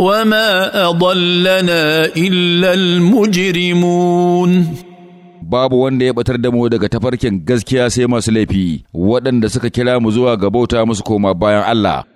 وما أضلنا إلا المجرمون babu wanda ya batar da mu daga tafarkin gaskiya sai masu laifi waɗanda suka kira mu zuwa ga bauta musu koma bayan Allah